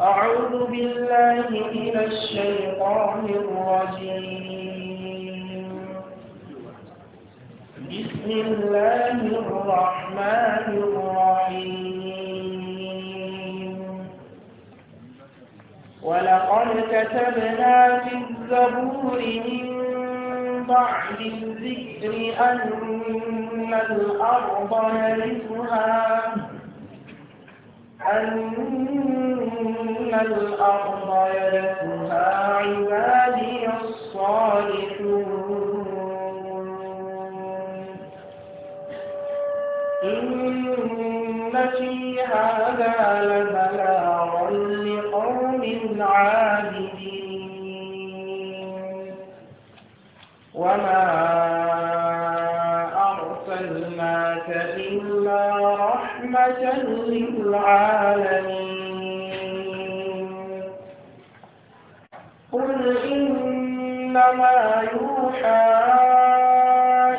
أعوذ بالله من الشيطان الرجيم بسم الله الرحمن الرحيم ولقد كتبنا في الزبور من بعد الذكر أن الأرض يرثها أن الأرض يرثها عبادي الصالحون إن في هذا لبلاغا لقوم عابدين وما أرسلناك إلا رحمة رحمة للعالمين قل إنما يوحى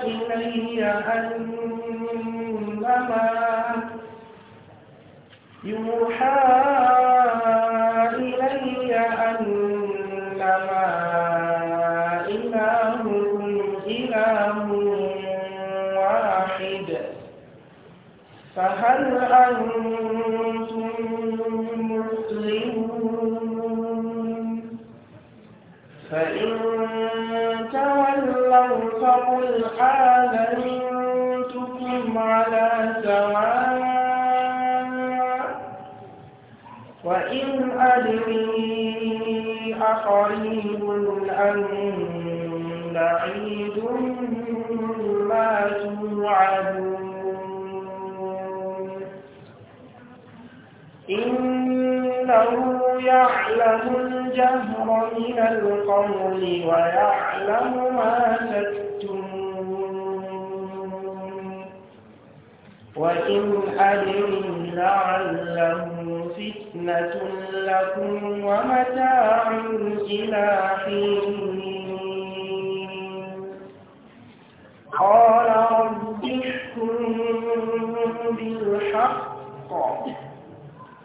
إلي أنما يوحى فهل أنتم مسلمون فإن تولوا فقل آمنتكم على سواء وإن أدري أقريب أم بعيد ما توعدون إنه يعلم الجهر من القول ويعلم ما تكتمون وإن أدري لعله فتنة لكم ومتاع إلى حين قال رب احكم بالحق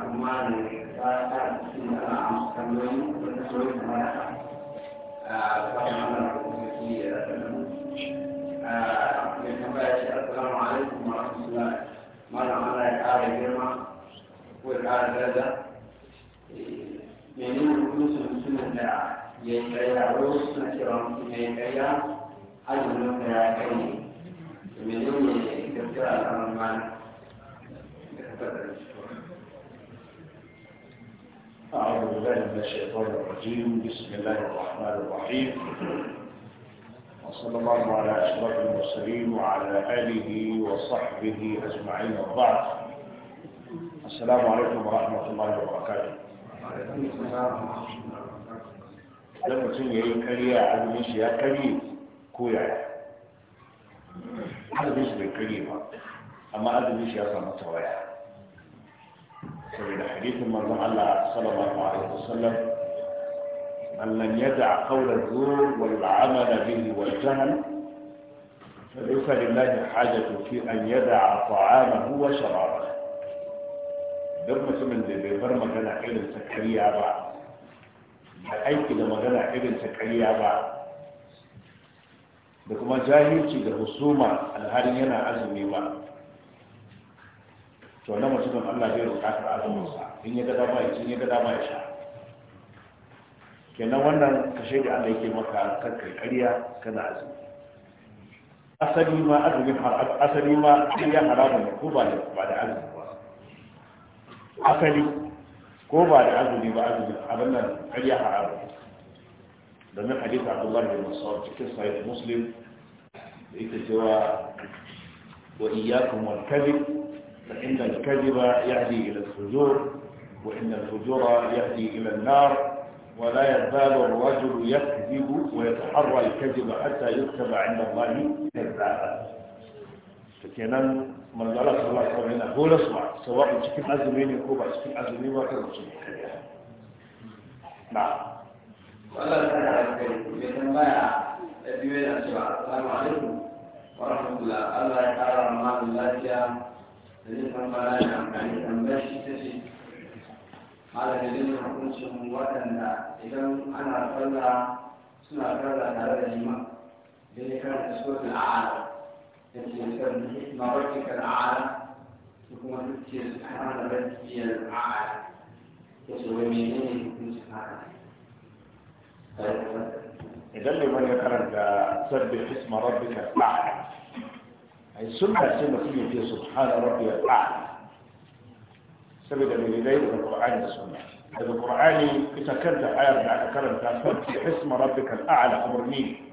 amma da ta ta cikin ana amfani da ta soyi da mara a kwanan ana rubutu da a ya tambaya shi assalamu alaikum wa rahmatullahi malam Allah ya ƙara girma ko ya ƙara daraja menene hukuncin mutumin da ya yi ƙarya wasu suna cewa mutum ya yi ƙarya azumin da ya kai ne menene gaskiya al'amarin malam da ka tabbata أعوذ بالله من الشيطان الرجيم بسم الله الرحمن الرحيم وصلى الله على أشرف المرسلين وعلى آله وصحبه أجمعين وبعد السلام عليكم ورحمة الله وبركاته لما mutum ya yi kariya a azumin shi ya kari ko yaya azumin shi saboda hadisin manzon Allah sallallahu alaihi wasallam man lam yad'a qawla zur wal amala bihi wa jahl فليس لله حاجة في أن يدع طعامه وشرابه duk mutumin da bai bar magana irin ta karya ba da aiki da magana irin ta karya ba da kuma jahilci da husuma alharin yana azumi ba to wannan mutumin Allah bai bukatar azuminsa in ya ga dama ya in ya ga dama ya sha kenan wannan kashe da Allah yake maka kan kai ƙarya kana azumi asali ma azumin haram asali ma ya haramun ko ba da ba da azumi ba asali ko ba da azumi ba azumi abin nan ƙarya haramun domin hadisi Abdullahi bin Mas'ud cikin sahih Muslim da yake cewa wa iyyakum wal kadhib فإن الكذب يهدي إلى الفجور وإن الفجور يهدي إلى النار ولا يزال الرجل يكذب ويتحرى الكذب حتى يكتب عند الله كذابا فكان من قال صلى الله عليه وسلم هو الأصبع سواء شكل أزمين يكوب شكل أزمين وكذا شكل نعم ولا تعالى الكريم يتنبايع أبي السلام عليكم ورحمة الله الله يقرر ما من الله zai tambara da amfani tambayar shi ta ce malamin hukuncin waɗanda idan ana sallah suna sallah tare da liman da ya karanta suratul a'ala da ke san mabarkika al'ala da kuma duk ce subhana rabbiyal a'ala ya ce wai menene hukuncin haka idan liman ya karanta sabbi isma rabbika ai sunna ce mutum ya ce subhana rabbiyal a'la saboda mai dai da qur'ani da sunna daga qur'ani ita kanta ayar da aka karanta sabbi isma rabbikal a'la amrni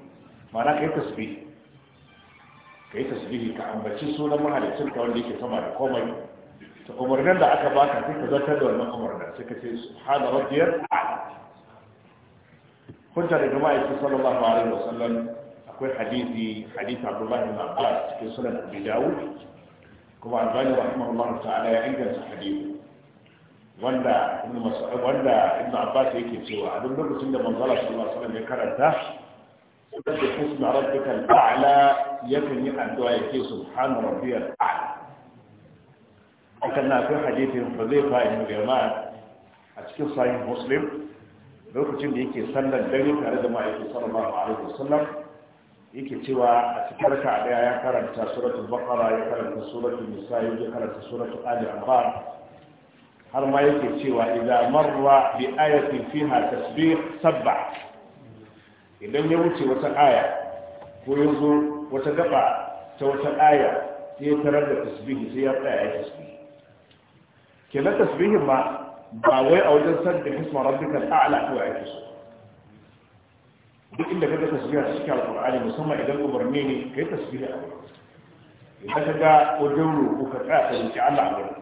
ma'ana kai tasbih kai tasbihi ka ambaci sunan mahalicin ka wanda yake sama da komai to umarnin da aka baka sai ka zartar da wannan umarnin sai ka ce subhana rabbiyal a'la hujja da jama'a sallallahu alaihi wasallam akwai hadithi hadisi abdullahi bin abbas cikin sunan abu dawud kuma albani rahimahullah ta'ala ya inganta hadisi wanda ibn mas'ud wanda ibn abbas yake cewa a duk lokacin da manzo Allah sallallahu alaihi wasallam ya karanta sabbi husna rabbika al-a'la yakan yi addu'a yake subhana rabbiyal a'la akan na akwai hadisin Hudhayfa ibn Yaman a cikin sahih Muslim lokacin da yake sallar dare tare da ma'aikin sallallahu alaihi wasallam yake cewa a cikin raka daya ya karanta suratu bakara ya karanta suratul nisa ya karanta suratul ali imran har ma yake cewa idza marra bi ayatin fiha tasbih sabba idan ya wuce wata aya ko ya zo wata gaba ta wata aya sai ya tarar da tasbihi sai ya tsaya ya tasbihi kenan tasbihin ma ba wai a wajen sanda hisma rabbika ta'ala ko ya so duk inda kaga tasbiha cikin alqur'ani musamman idan umarni ne kai tasbiha a wurin idan ka ga wajen roƙo ka tsaya ka roƙi Allah a wurin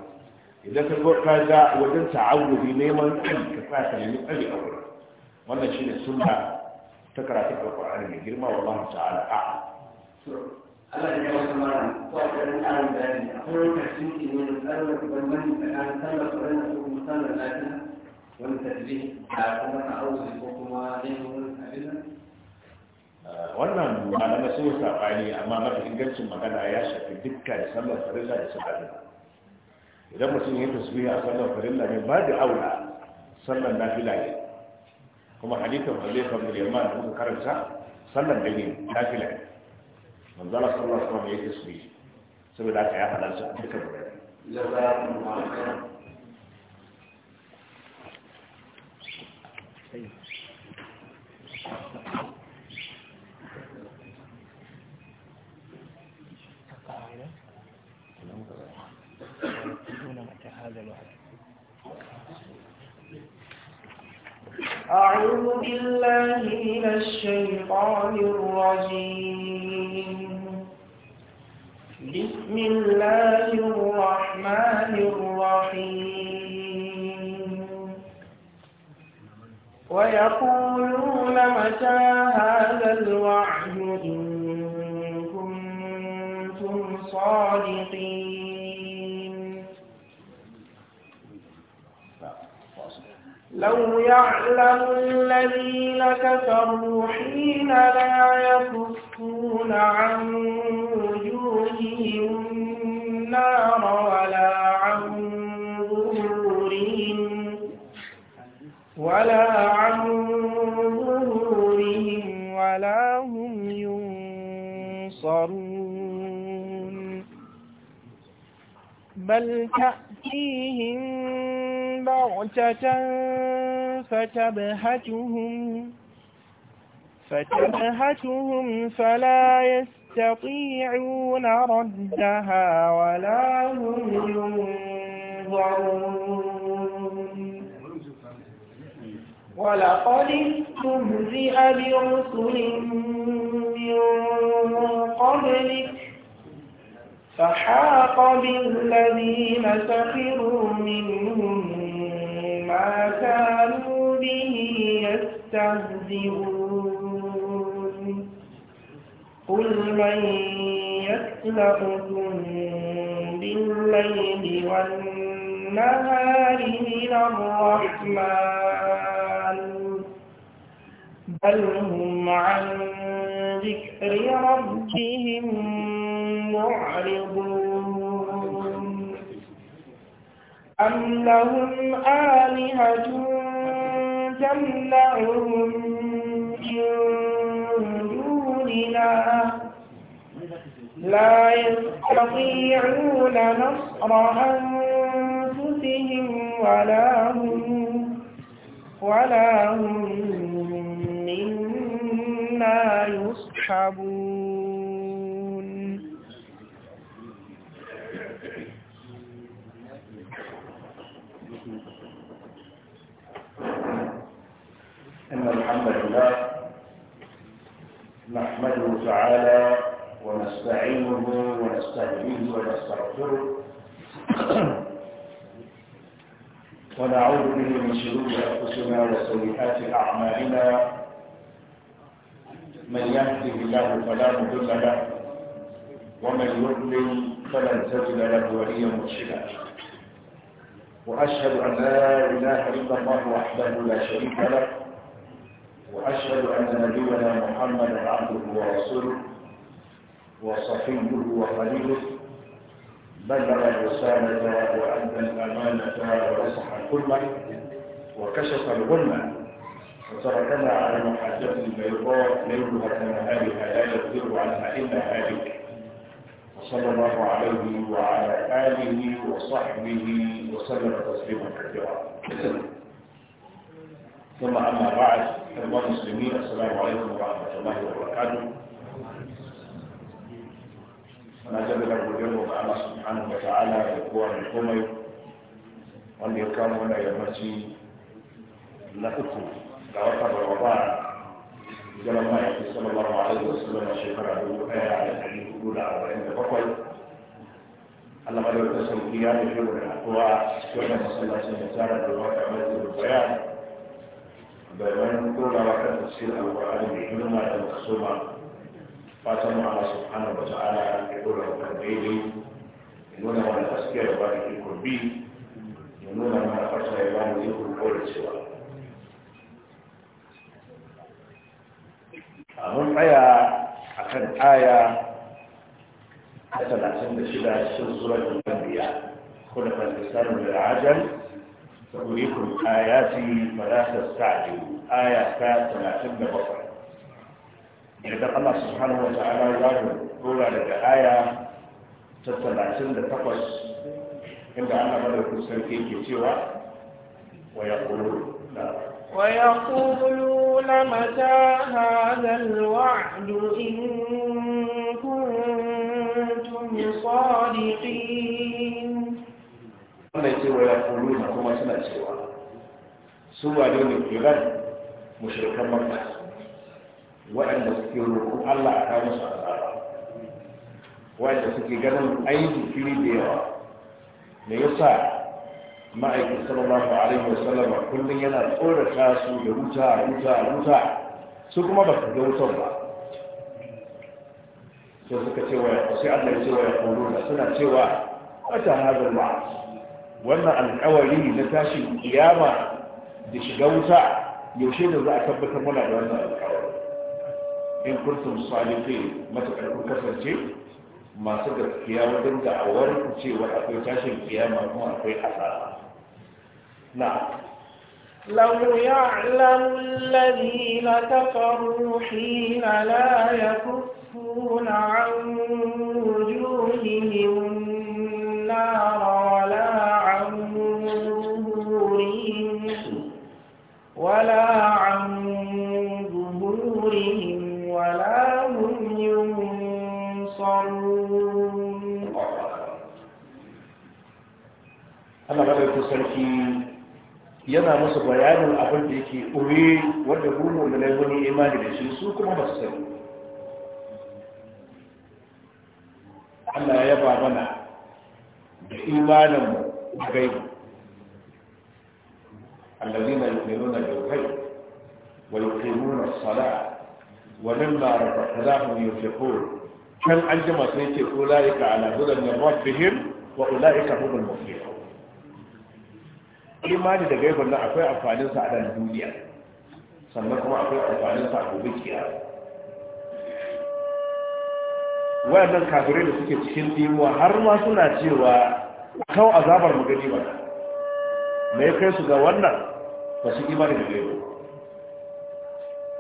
idan ka ka ga wajen ta'awudi neman tsari ka tsaya ka nemi tsari a wurin wannan shine sunna ta karatun alqur'ani mai girma wallahu ta'ala a'a Allah ya yi wasu mara ko a tsarin tsarin bayani akwai lokacin ilimin tsarin da bambanci tsakanin sallar tsarin da kuma sallar lafiya wani tasbih da kuma ta'awudi ko kuma yin wani abin wannan malamai sun yi saɓani amma mafi ingancin magana ya shafi dukkan da sallar farilla da sallar idan mutum ya tasbihi a sallar farilla ne ba da aula sallar nafila ne kuma hadithan halifa kan yaman da kuma karanta sallar da ne nafila ne manzala sallar sallar ya tasbihi saboda aka ya halarci a dukkan wurare سلامة هذا الوحيد أعوذ بالله من الشيطان الرجيم بسم الله الرحمن الرحيم ويقولون متى هذا الوعد إن كنتم صادقين لو يعلم الذين كفروا حين لا يكفون عن وجوههم النار ولا عن ظهورهم ولا عن ظهورهم ولا هم ينصرون بل تأتيهم بغتة فتبهتهم فتبهتهم فلا يستطيعون ردها ولا هم ينظرون ولقد استهزئ برسل من قبلك فحاق بالذين سخروا منهم ما كانوا به يستهزئون قل من يخلقكم بالليل والنهار من الرحمن بل هم عن ذكر ربهم معرضون أم لهم آلهة تمنعهم من دوننا لا يستطيعون نصر أنفسهم ولا هم ولا هم منا يصحبون فلا فلن تجد له وليا مرشدا وأشهد أن لا إله إلا الله وحده لا شريك له وأشهد أن نبينا محمدا عبده ورسوله وصفيه وخليله بلغ الرسالة وأدى الأمانة ونصح الأمة وكشف الغمة وتركنا على محاجات البيضاء ليلها كنهارها لا يغيب عنها إلا هالك وصلى الله عليه وعلى آله وصحبه وسلم تسليما كثيرا ثم أما بعد أيها المسلمين السلام عليكم ورحمة الله وبركاته ما زال الرجل مع الله سبحانه وتعالى يقوى من قومي واللي كان هنا يمشي لكم لوقت رمضان hijirar ma'aikin sallallahu alaihi wasallam a shekara dubu ɗaya da ɗari hudu da arba'in da bakwai Allah mai wata sauki ya tafi da haɗuwa cikin da masallacin da tara da ruwa kamar da bayan bayan kogawa kan tafsir alƙur'ani mai girma da makasoma fatan mu Allah subhanahu wa ta'ala ya dora wa kan daidai ya nuna mana gaskiya da ba da ikon bi ya nuna mana fata ya ba mu ikon kawai cewa mun tsaya a kan aya ta talatin da shida cikin surar gambiya kuna fasisarar da ajal saurikun ayati falasar sa'adu aya ta talatin da bakwai yadda allah subhanahu wa ta'ala za mu dora daga aya ta talatin da takwas inda allah madaukin sarki ke cewa wa ya ƙuru na ويقولون متى هذا الوعد إن كنتم صادقين wannan cewa ya kulu na kuma suna cewa su wane ne iran mushrikan makka waɗanda suke roƙon allah a kawo su azaba suke ganin aiki fili da yawa me yasa ma'aikin sallallahu alaihi wasallam kullum yana tsorata su da wuta wuta wuta su kuma ba su ga wutar ba sai suka cewa wa sai Allah ya ce wa yaquluna suna cewa wata hadal ma wannan alƙawari na tashin kiyama da shiga wuta yaushe ne za a tabbatar mana da wannan alƙawari in kuntum salihin matakar kun kasance masu gaskiya wajen da da'awar ku cewa akwai tashin kiyama kuma akwai asara نعم لو يعلم الذين كفروا حين لا يكفون عن وجوههم yana musu bayanin abin da yake ure wanda gumo da laifin imani da shi su kuma ba su sani Allah ya yaba mana da imanin gai imaninmu a gaibu الذين يؤمنون بالغيب ويقيمون الصلاة ومما رزقناهم ينفقون كم أنجم سيتي أولئك على هدى من ربهم وأولئك هم المفلحون imani da gaibin nan akwai amfanin sa a dan duniya sannan kuma akwai sa a gobe kiyama wayannan kafirai da suke cikin dimuwa har ma suna cewa kawo azabar mu gani ba me ya kai su ga wannan ba su imani da gaibo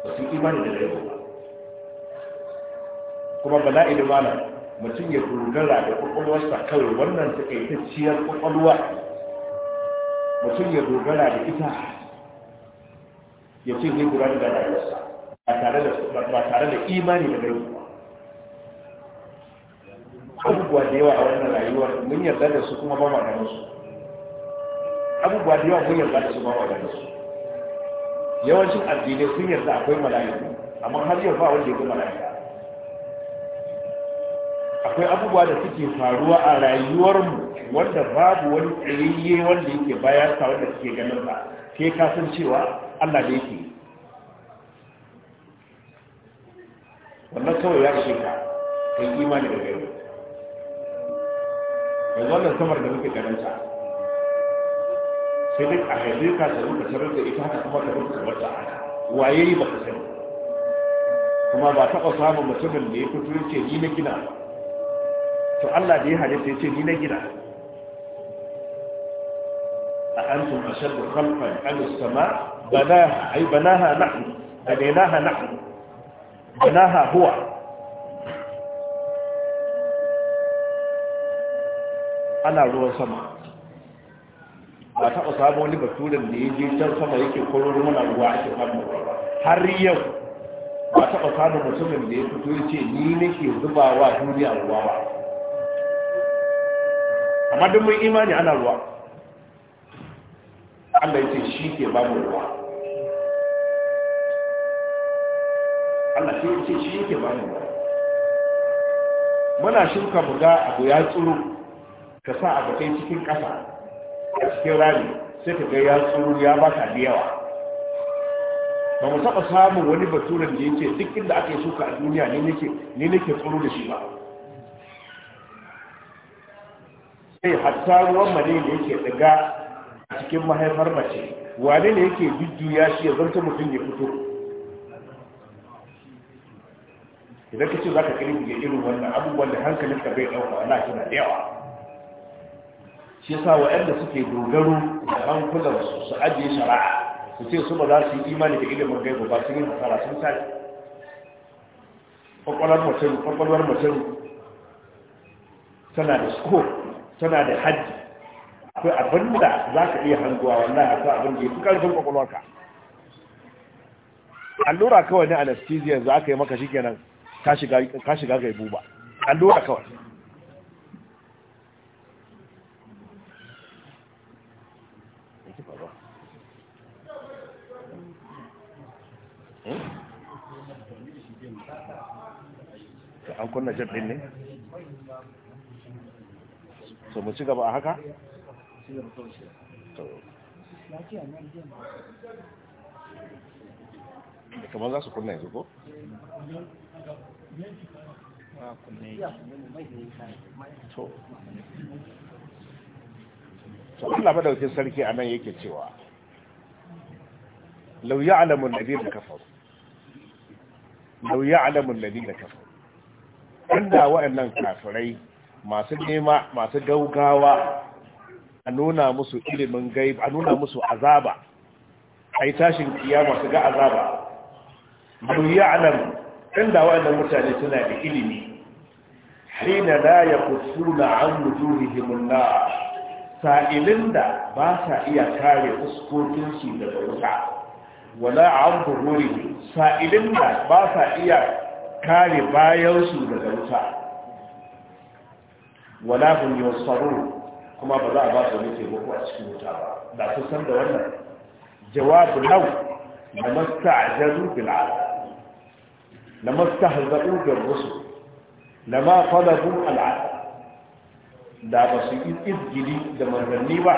ba su imani da gaibo ba kuma bala'i da mana mutum ya kurgara da kwakwalwarsa kawai wannan ciyar kwakwalwa mutum ya dogara da ita ya ce zai gudanar da rayuwarsa ba tare da imani da gari abubuwa da yawa a wannan rayuwar mun yarda da su kuma ba ma da musu abubuwa da yawa mun yarda da su ba ma da musu yawancin addinai sun yarda akwai mala'iku amma har yau ba wanda ya ga mala'ika akwai abubuwa da suke faruwa a rayuwarmu wanda babu wani tsayayye wanda yake baya sa wanda suke ganin sa sai ka san cewa Allah ne yake wannan kawai ya ce ka kai imani da gari yanzu wannan samar da muke ganin ta sai duk a haife ka da muka tarar da ita haka kuma ka rubuta wata waye ba ka sani kuma ba taɓa samun mutumin da ya fito yake ni na gina ba to Allah da ya halitta ya ce ni na gina a antum ashaddu khalqan am sama banaha ay banaha nahnu banaha nahnu banaha huwa ana ruwan sama ba taɓa samu wani baturin da ya je can sama yake kororo muna ruwa ake samu har yau ba taɓa samun mutumin da ya fito ya ce ni nake zubawa duniya ruwa ba amma duk mun imani ana ruwa Allah ya ce shi ke ba mu ruwa Allah sai ya ce shi ke ba mu ruwa muna shuka mu ga abu ya tsuru ka sa abu kai cikin ƙasa a cikin rami sai ka ga ya tsuru ya ba ka da yawa ba mu taɓa samun wani baturen da ya ce duk inda aka yi shuka a duniya ne nake tsoro da shi ba sai hatta ruwan mani ne yake daga cikin mahaifar mace wane ne yake jujjuya shi ya zarta mutum ya fito idan ka ce za ka kiri buge irin wannan abubuwan da hankalin ka bai ɗauka wala shi na yawa shi yasa waɗanda suke dogaro da hankulan su ajiye shara'a, su ce su ba za su yi imani da ilimin gai ba sun yi hasara sun sai kwakwalwar mutum tana da scope tana da hajji akwai abin da za ka iya hanguwa wannan akwai abin da ya fi ƙarfin ƙwaƙwalwarka allura kawai ne anesthesia za ka yi maka shi kenan ka shiga ga buba allura kawai hmm? an kunna jet ne so mu ci gaba a haka kamar za su kunna yanzu ko? to Allah madaukin sarki a nan yake cewa lauya alamun nabi da kafa lauya alamun nabi da kafa inda wa'annan kafirai masu nema masu gaugawa a nuna musu ilimin gaib a nuna musu azaba a yi tashin kiyama su ga azaba duniya alam inda wa'adar mutane suna da ilimi ya kusur na an wujuhihim na sa'ilin da ba sa iya kare fuskokinsu daga wuta wala an buhuri sa'ilin da ba sa iya kare bayansu daga wuta wala hum yunsarun kuma ba za a ba su wani taimako a cikin wuta ba da su san da wannan jawabu lau da masta'jalu bil ala la mastahza'u bil rusul la ma talabu al ala da ba su izgidi da manzanni ba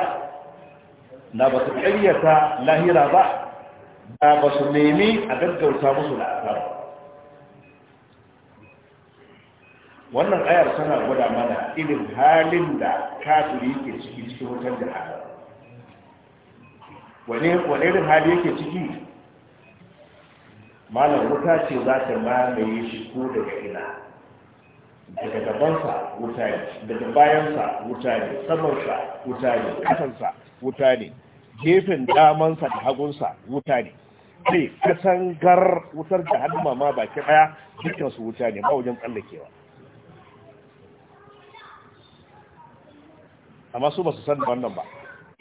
da ba su ƙaryata lahira ba da ba su nemi a gaggauta musu da azaba wannan ayar tana gwada mana irin halin da kafiri yake ciki cikin wutar jihar wane irin hali yake ciki malam wuta ce za ta mamaye shi ko daga ina daga gabansa wuta ne daga bayansa wuta ne samansa wuta ne kasansa wuta ne gefen damansa da hagunsa wuta ne sai kasangar wutar da hannu ma baki ɗaya dukansu wuta ne ba wajen tsallakewa amma su ba su san wannan ba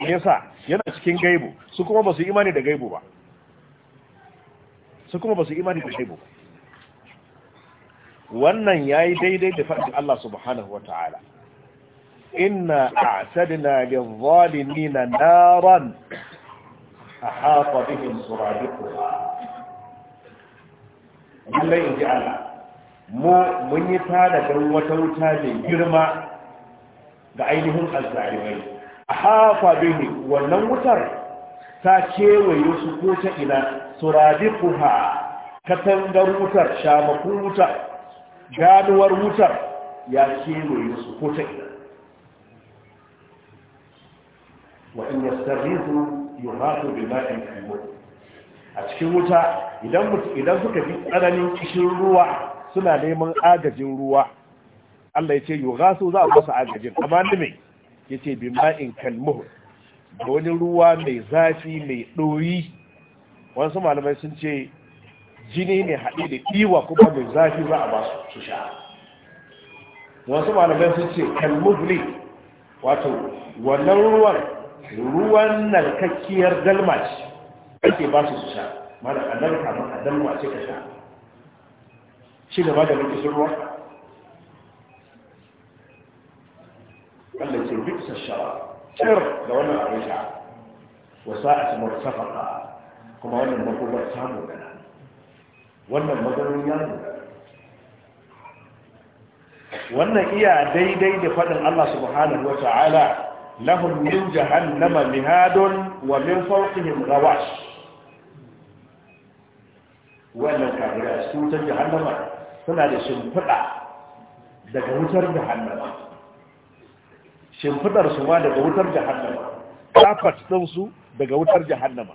yasa yana cikin gaibu su kuma ba su imani da gaibu ba su kuma ba su imani da gaibu ba wannan yayi daidai da faɗin Allah subhanahu wa ta'ala inna a'tadna lil-zalimina naran ahata bihim suradiquha lallai in ji Allah mu mun yi da wata wuta mai girma ga ainihin azzalimai a hafa bihi wannan wutar ta kewaye su ko ta ina suradiquha katangar wutar shamaku wutar ganuwar wutar ya kewaye su ko ta ina wa in yastarrihu yuhatu bima'in kubur a cikin wuta idan idan suka bi tsananin kishin ruwa suna neman agajin ruwa Allah ya ce yi gasu za a masa agajin amma da mai ya ce bi ma'in kalmuhu da wani ruwa mai zafi mai ɗoyi wasu malamai sun ce jini ne haɗe da ɗiwa kuma mai zafi za a ba su sha wasu malamai sun ce kalmuhu ne wato wannan ruwan ruwan narkakkiyar dalma ce ake ba su su sha mana a dalma ce ka sha shi gaba da rikisin ruwa بئس الشراب شر لو أنا أرجع وساعة مرتفقة كما أن المطلوب سامو لنا وأن المدن يامو وأن إيا دي دي دي فضل الله سبحانه وتعالى لهم من جهنم مهاد ومن فوقهم غواش وأن الكافرين سوت جهنم فلا يشم فقع daga wutar jahannama shimfidar su ma daga wutar jahannama kafat su daga wutar jahannama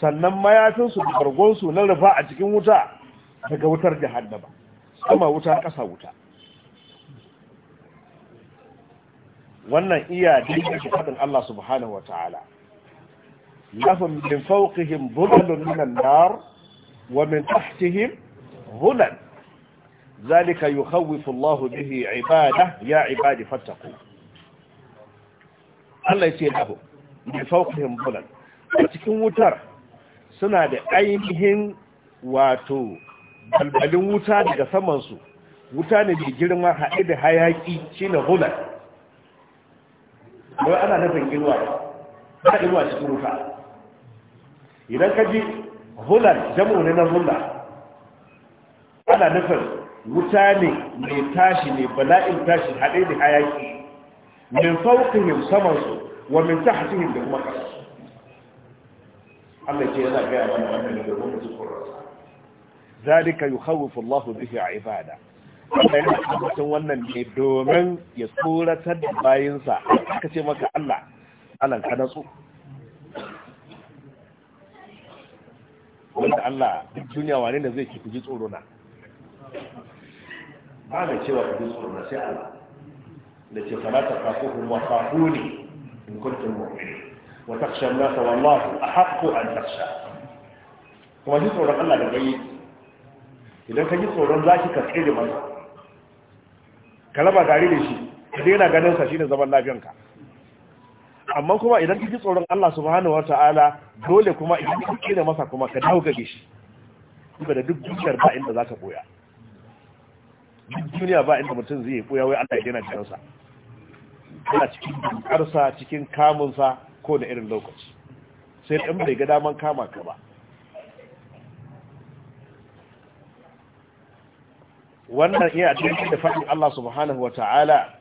sannan mayafin da bargon su na rufa a cikin wuta daga wutar jahannama sama wuta ƙasa wuta wannan iya dinka shi fadin Allah subhanahu Ta'ala. Lafin min fawqihim dhulalun minan nar wa min tahtihim dhulal ذلك يخوف الله به عباده يا عبادي فاتقوا Allah ya ce lahu Mai fawqihim bulan a cikin wutar suna da ainihin wato balbalin wuta daga saman su wuta ne mai girma haɗe da hayaki na bulan don ana nufin girwa ba girwa cikin wuta idan ka ji bulan jamu ne na bulan ana nufin wuta ne mai tashi ne bala'in tashi haɗe da hayaki min fawqihim samansu wa min tahtihim da kuma kasa Allah ce yana ga mana wannan da kuma tsoron zalika yukhawwifu Allah bihi ibada Allah yana tabbatar wannan ne domin ya tsoratar da bayinsa aka ce maka Allah Allah ka natsu wanda Allah duk duniya wane ne zai ci kuji tsoro na ba da cewa kuji tsoro na sai Allah da ce falata kafuhum wa khafuni in kuntum mu'minin wa takhsha an-nas wallahu ahaqqu an takhsha kuma ji tsoron Allah da gai idan ka ji tsoron zaki ka tsere masa ka raba gari da shi ka daina ganin sa shine zaman lafiyanka amma kuma idan ka ji tsoron Allah subhanahu wataala dole kuma idan ka tsere masa kuma ka dawo gage shi kuma da duk dukiyar ba inda za ka koya duk duniya ba inda mutum zai koya wai Allah ya daina ganin sa yana cikin dukarsa cikin kamunsa ko da irin lokaci sai ɗan bai ga daman kama ka ba wannan iya cikin da faɗin Allah subhanahu wa ta'ala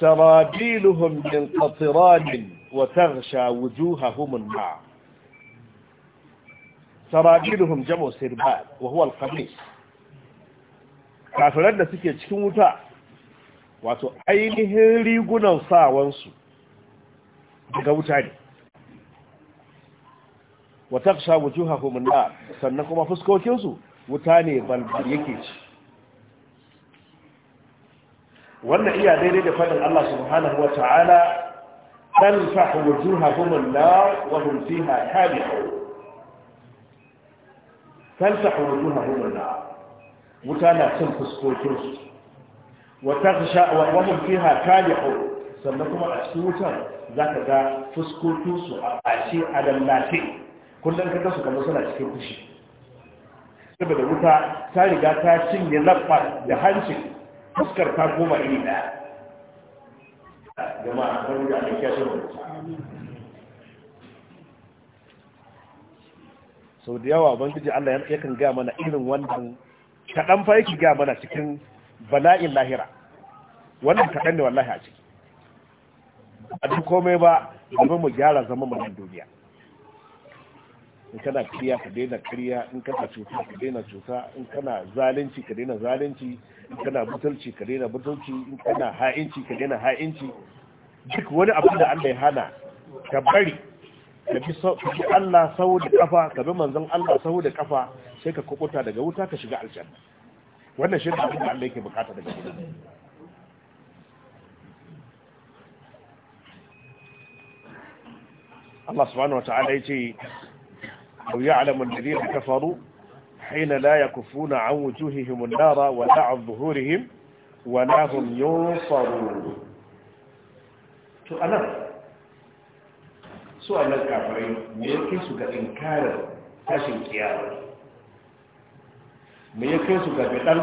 sarabiluhum min qatran wa taghsha wujuhahum ma nar sarabiluhum jam'u sirbal wa huwa al-qamis kafiran da suke cikin wuta wato ainihin rigunan sawansu daga wuta ne wata sha wujuha Na sannan kuma fuskokinsu wuta ne balbal yake ci wannan iya daidai da faɗin Allah subhanahu wa ta'ala ɗan fahu wujuha hominna wa hunfiha kami'a tansahu wujuhahum an-nar wuta na cin fuskokin su وتغشى وهم فيها كالحون sannan kuma a cikin wutar za ka ga fuskokinsu a ɓace a lallace kullum ka su kamar suna cikin fushi saboda wuta ta riga ta cinye laɓar da hancin fuskar ta goma iri ɗaya jama'a kan da ake kyashe wuta sau da yawa ubangiji allah yakan gaya mana irin wannan kaɗan fa yake gaya mana cikin bala'in lahira wannan kaɗan ne wallahi a ciki a duk komai ba domin mu gyara zama mu nan duniya in kana kariya ka daina kariya in kana cuta ka daina cuta in kana zalunci ka daina zalunci in kana butulci ka daina butulci in kana ha'inci ka daina ha'inci duk wani abu da Allah ya hana ka bari ka bi Allah sau da kafa ka bi manzon Allah sau da kafa sai ka kukuta daga wuta ka shiga aljanna wannan shi ne abin da Allah yake bukata daga wuta Allah subhanahu wata'ala ya ce au ya'lamu alladhina kafaru hina la yakufuna an wujuhihim an-nara wa la an zuhurihim wa la hum faru. to anan su anan kafirai me yake su ga inkarar tashin kiyama me yake su ga bidan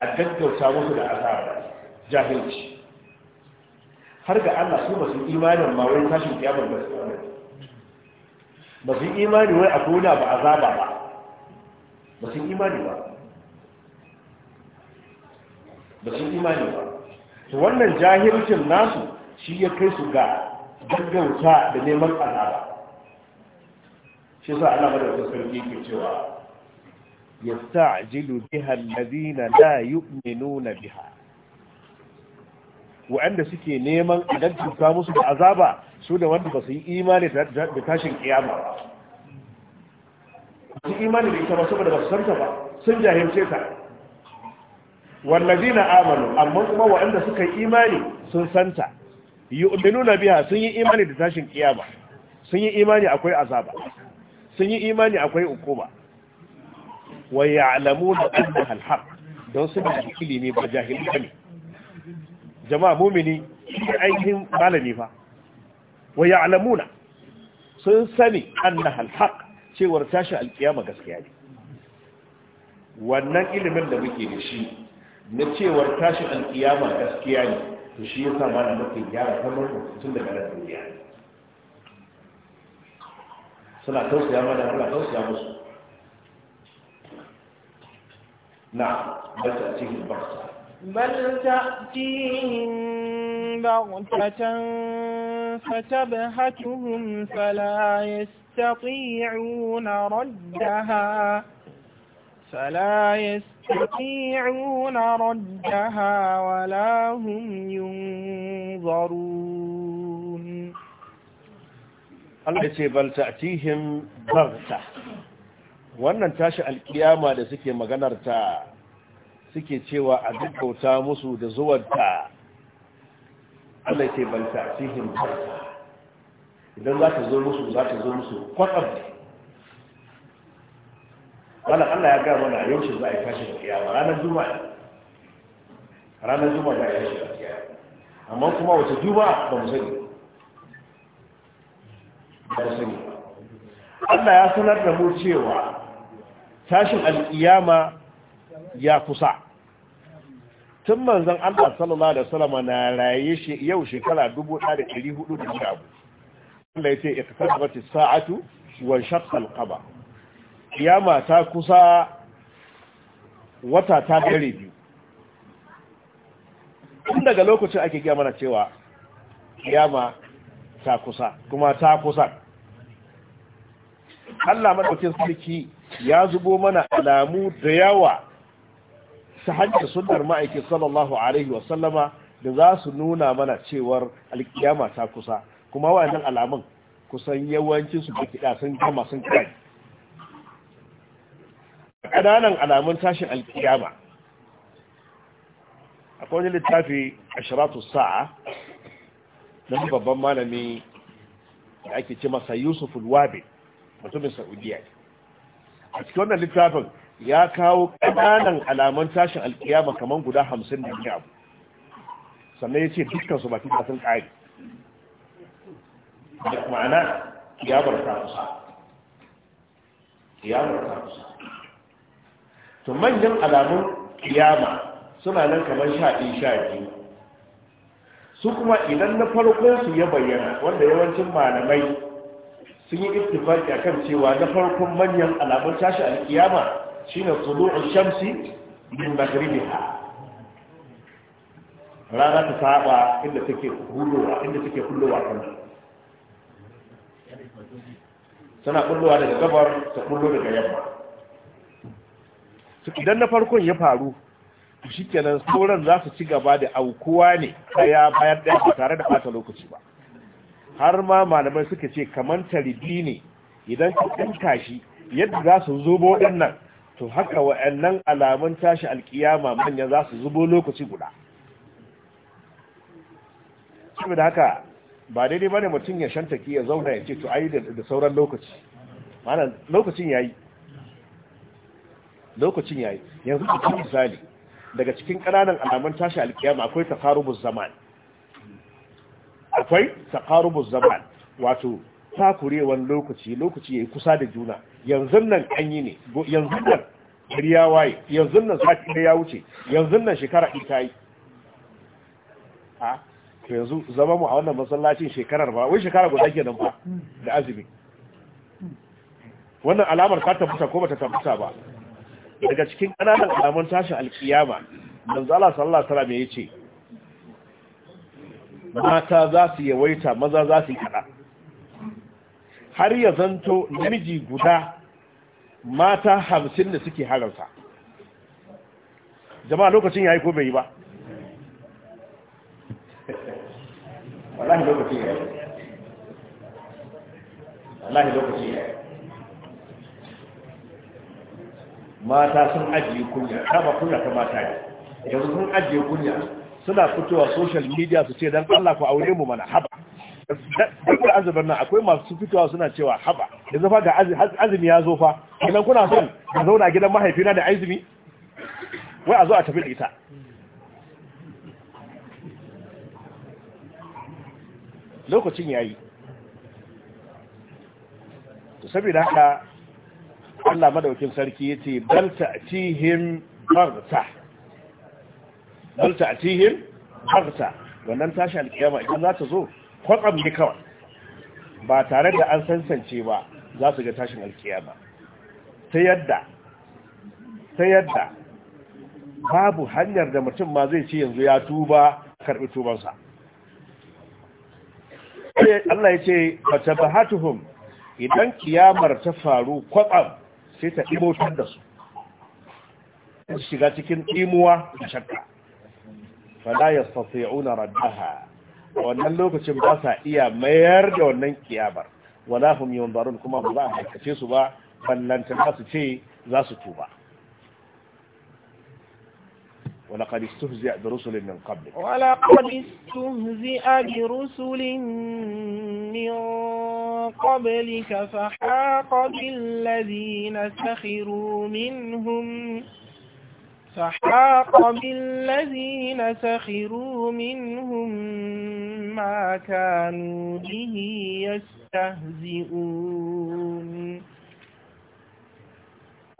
a gaggauta musu da azaba jahilci har ga Allah su ba imanin mawai wani tashin kiyama ba su ba su imani wai a tona ba zaba ba ba su imani ba ba su imani ba su wannan jahilcin nasu shi ya kai su ga gaggauta da neman alaba shi sa da wasu sarki ke cewa yasta'jilu biha alladhina la nuna biha wa'anda suke neman a gaggauta musu da azaba su da wanda ba su yi imani da tashin kiyama su imani da ita ba saboda ba su santa ba sun jahilce ta wallazina amanu amma kuma waɗanda suka yi imani sun santa nuna biha sun yi imani da tashin kiyama sun yi imani akwai azaba sun yi imani akwai ukuba wa ya'lamuna annaha al-haq don su da ilimi ba jahili ne jama'a mumini ainihin malami fa wa ya'lamuna sun sani annaha alhaq cewar tashi alkiyama gaskiya ne wannan ilimin da muke da shi na cewar tashi alkiyama gaskiya ne to shi yasa ma da muke gyara kamar tun daga nan duniya suna tausaya mana Allah tausaya musu na bal ta'tihim baksa bal ta'tihim بغتة فتبهتهم فلا يستطيعون ردها فلا يستطيعون ردها ولا هم ينظرون التي بل تأتيهم بغتة wannan tashi alkiyama da suke maganar ta suke cewa a duk kauta musu da zuwanta Allah ce bal ta'tihim barsa idan za ta zo musu za ta zo musu kwatsam wannan Allah ya gaya mana yaushe za a yi tashin kiyama ranar juma'a ranar juma'a za a yi tashin kiyama amma kuma wata juma'a ba mu sani ba mu sani Allah ya sanar da mu cewa tashin alkiyama ya kusa tun manzan Allah sallallahu alaihi wasallam na raye shi yau shekara 1400 da abu Allah yace iqtarabat as-sa'atu wa shaqqa al-qamar kiyama ta kusa wata ta dare biyu tun daga lokacin ake gaya mana cewa kiyama ta kusa kuma ta kusa Allah madaukin sarki ya zubo mana alamu da yawa ta hanyar sunnar ma'aiki sallallahu alaihi wa sallama da za su nuna mana cewar alkiyama ta kusa kuma nan alamun kusan yawancin su da kiɗa sun gama sun kai ƙananan alamun tashin alkiyama akwai wani littafi ashiratu sa'a na babban malami da ake ce masa yusuf ulwabe mutumin saudiya a cikin wannan littafin ya kawo ƙananan alaman tashin alƙiyama kamar guda hamsin da ya abu sannan ya ce dukkan su baki sun ƙari da ma'ana ya barka kusa ya barka kusa to manyan alamun ƙiyama suna nan kamar sha ɗin sha biyu su kuma idan na farkon su ya bayyana wanda yawancin malamai sun yi a akan cewa na farkon manyan alamun tashi alkiyama shine tulu'u shamsi min maghribiha rana ta saba inda take hulowa inda take kullowa kan tana kullowa daga gabar ta kullo daga yamma idan na farkon ya faru shikenan sauran za su ci gaba da aukuwa ne kaya bayan ɗaya ba tare da bata lokaci ba har ma malamai suka ce kamar taribi ne idan ka tsinka shi yadda za su zo waɗannan to haka wa'annan alamun tashi alkiyama manya za su zubo lokaci guda saboda haka ba daidai bane mutum ya shantaki ya zauna ya ce to ai da sauran lokaci ma'ana lokacin yayi lokacin yayi yanzu kan misali daga cikin ƙananan alamun tashi alkiyama akwai taqarubuz zaman akwai taqarubuz zaman wato takurewan lokaci lokaci yayi kusa da juna yanzu nan kanyi ne yanzu nan kariya ya waye yanzu nan sati ya wuce yanzu nan shekara ita yi a to yanzu zama mu a wannan masallacin shekarar ba wai shekara guda ke nan ba da azumi wannan alamar ta tabbata ko bata tabbata ba daga cikin ƙananan alamun tashin alkiyama manzo Allah sallallahu alaihi wasallam yace mata za su yawaita maza za su yi kada har ya zanto namiji guda mata hamsin da suke halarsa jama'a lokacin ya yi ko bai yi ba wallahi lokacin ya yi wallahi lokacin ya yi mata sun ajiye kunya kama kunya ta mata ne yanzu sun ajiye kunya suna fitowa social media su ce don allah ku aure mu mana haba duk da azumin nan akwai masu fitowa suna cewa haba yanzu fa ga azumi ya zo fa idan kuna son a zauna gidan mahaifina da azumi wai a zo a tafi da ita lokacin yayi to saboda haka Allah madaukin sarki a bal ta'tihim balta a ta'tihim barta wannan tashi alkiyama idan za ta zo kwatsam ne kawai ba tare da an sansance ba za su ga tashin alkiyama ta yadda ta yadda babu hanyar da mutum ma zai ce yanzu ya tuba karɓi tubansa Allah ya ce ba hatuhun idan kiyamar ta faru kwatsam sai ta imotar da su shiga cikin imuwa da shakka la yastati'una raddaha wannan lokacin ba sa iya mayar da wannan kiyabar wala hum yunzarun kuma ba za a aikace su ba ballanta za su ce za su tuba wala qad istuhzi'a bi rusulin min ولقد استهزئ برسل من قبلك ولقد استهزئ برسل fa haqa bil ladina sakhiru minhum فحاق بالذين سخروا منهم ما كانوا به يستهزئون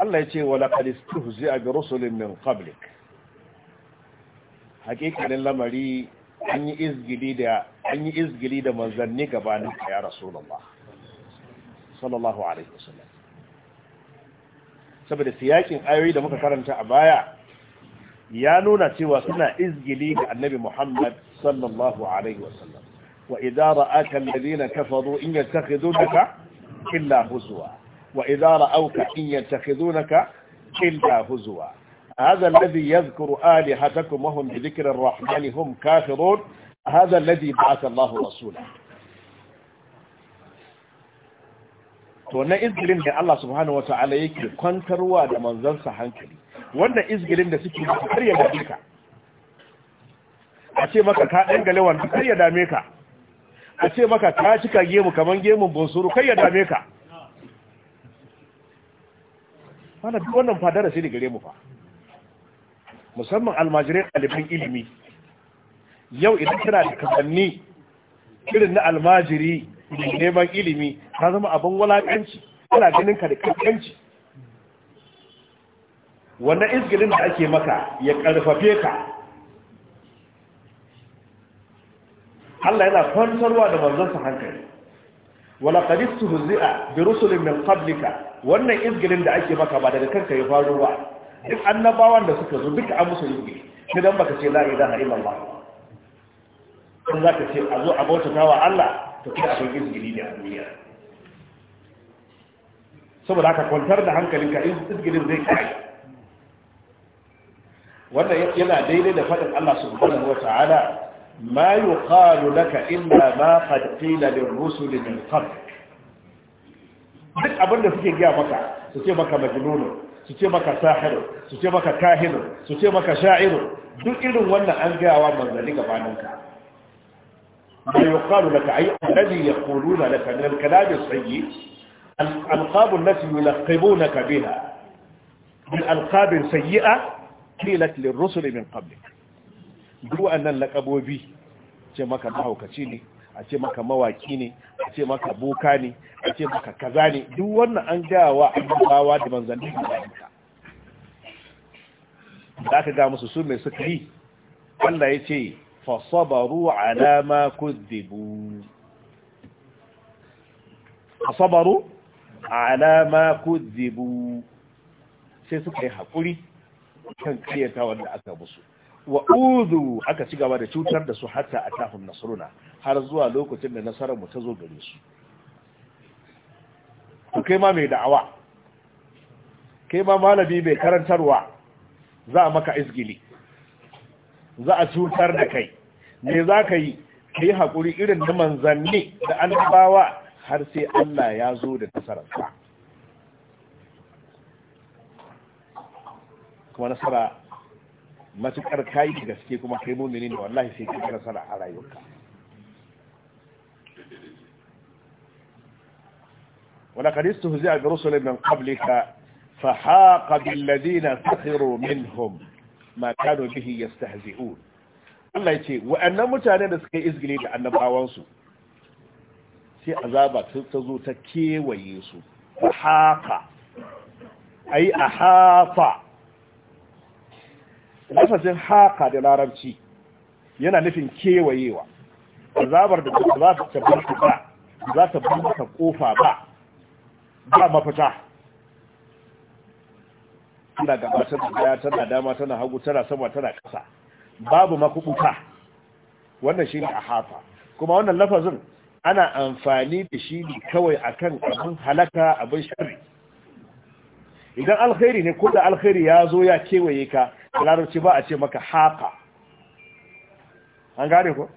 الله يتي ولقد استهزئ برسل من قبلك حقيقة للمري an yi izgili da an yi izgili da manzanni gabanin ya rasulullah sallallahu alaihi saboda siyakin ayoyi da muka karanta a baya ya nuna cewa suna izgili ga annabi Muhammad sallallahu alaihi wasallam wa idza ra'aka alladhina kafaru in yattakhidunaka illa huzwa wa idza ra'awka in yattakhidunaka illa huzwa هذا الذي يذكر آلهتكم وهم بذكر الرحمن هم كافرون هذا الذي بعث الله رسوله to na izinin da Allah subhanahu wataala yake kwantarwa da manzansa hankali wannan izgilin da suke har ya dame ka a ce maka ka ɗan gale wanda kar ya dame ka a ce maka ka cika gemu kamar gemun bonsuru kar ya dame ka wannan duk wannan fadara sai da gare mu fa musamman almajirai ɗaliban ilimi yau idan kana da kasanni irin na almajiri da neman ilimi ka zama abin walakanci ana ganin ka da kankanci wannan izgilin da ake maka ya karfafe ka Allah yana kwantarwa da manzansa hankali wala qadistu huzi'a bi rusulin min qablika wannan izgilin da ake maka ba daga kanka ya faru ba duk annabawan da suka zo duka an musu izgili sai dan baka ce la ilaha illallah za ka ce a zo a bautata wa Allah to kai abin izgili ne a duniya saboda haka kwantar da hankalinka izgilin zai kai wannan yana daidai da faɗin Allah subhanahu wa ta'ala ma yuqalu laka illa ma qad qila lirrusul min qabl duk abin da suke gaya maka su ce maka majnunu su ce maka sahiru su ce maka kahinu su ce maka sha'iru duk irin wannan an gaya wa manzanni gabaninka ma yuqalu laka ay alladhi yaquluna laka min al-kalam as-sayyi al-alqab allati yulaqibunaka biha min alqab sayyi'a kilat lirrusul min qablik duk wannan lakabobi ce maka mahaukaci ne a ce maka mawaki ne a ce maka boka ne a ce maka kaza ne duk wannan an gawa annabawa da manzanni da da aka ga musu su mai suka yi Allah ya ce sabaru ala ma fa sabaru ala ma sai suka yi hakuri. kan karyata wanda aka musu wa uzu aka ci gaba da cutar da su hatta a tafin nasaruna har zuwa lokacin da nasarar mu ta zo gare su to kai ma mai da'awa kai ma malami mai karantarwa za a maka izgili za a cutar da kai me za ka yi ka yi haƙuri irin da manzanni da annabawa har sai Allah ya zo da nasararsa kuma nasara matukar kayi gaske kuma kai mumini ne wallahi sai kai nasara a rayuwarka wala huzi'a bi ولقد min qablika fa haqa bil ladina سخروا minhum ma كانوا bihi yastahzi'un Allah yace wa annan mutane da suka izgile da annabawan su sai azaba ta zo ta kewaye su haqa ai ahafa lafazin haka da larabci yana nufin kewayewa azabar da ba za ta tabbata ba za ta barka kofa ba ba mafita tana gabatar da daya tana dama tana hagu tana sama tana kasa babu makubuta wannan shi a hafa kuma wannan lafazin ana amfani da shi ne kawai akan abin halaka abin shari idan alkhairi ne ko da alkhairi ya zo ya kewaye ka larabci ba a ce maka haka an gane ko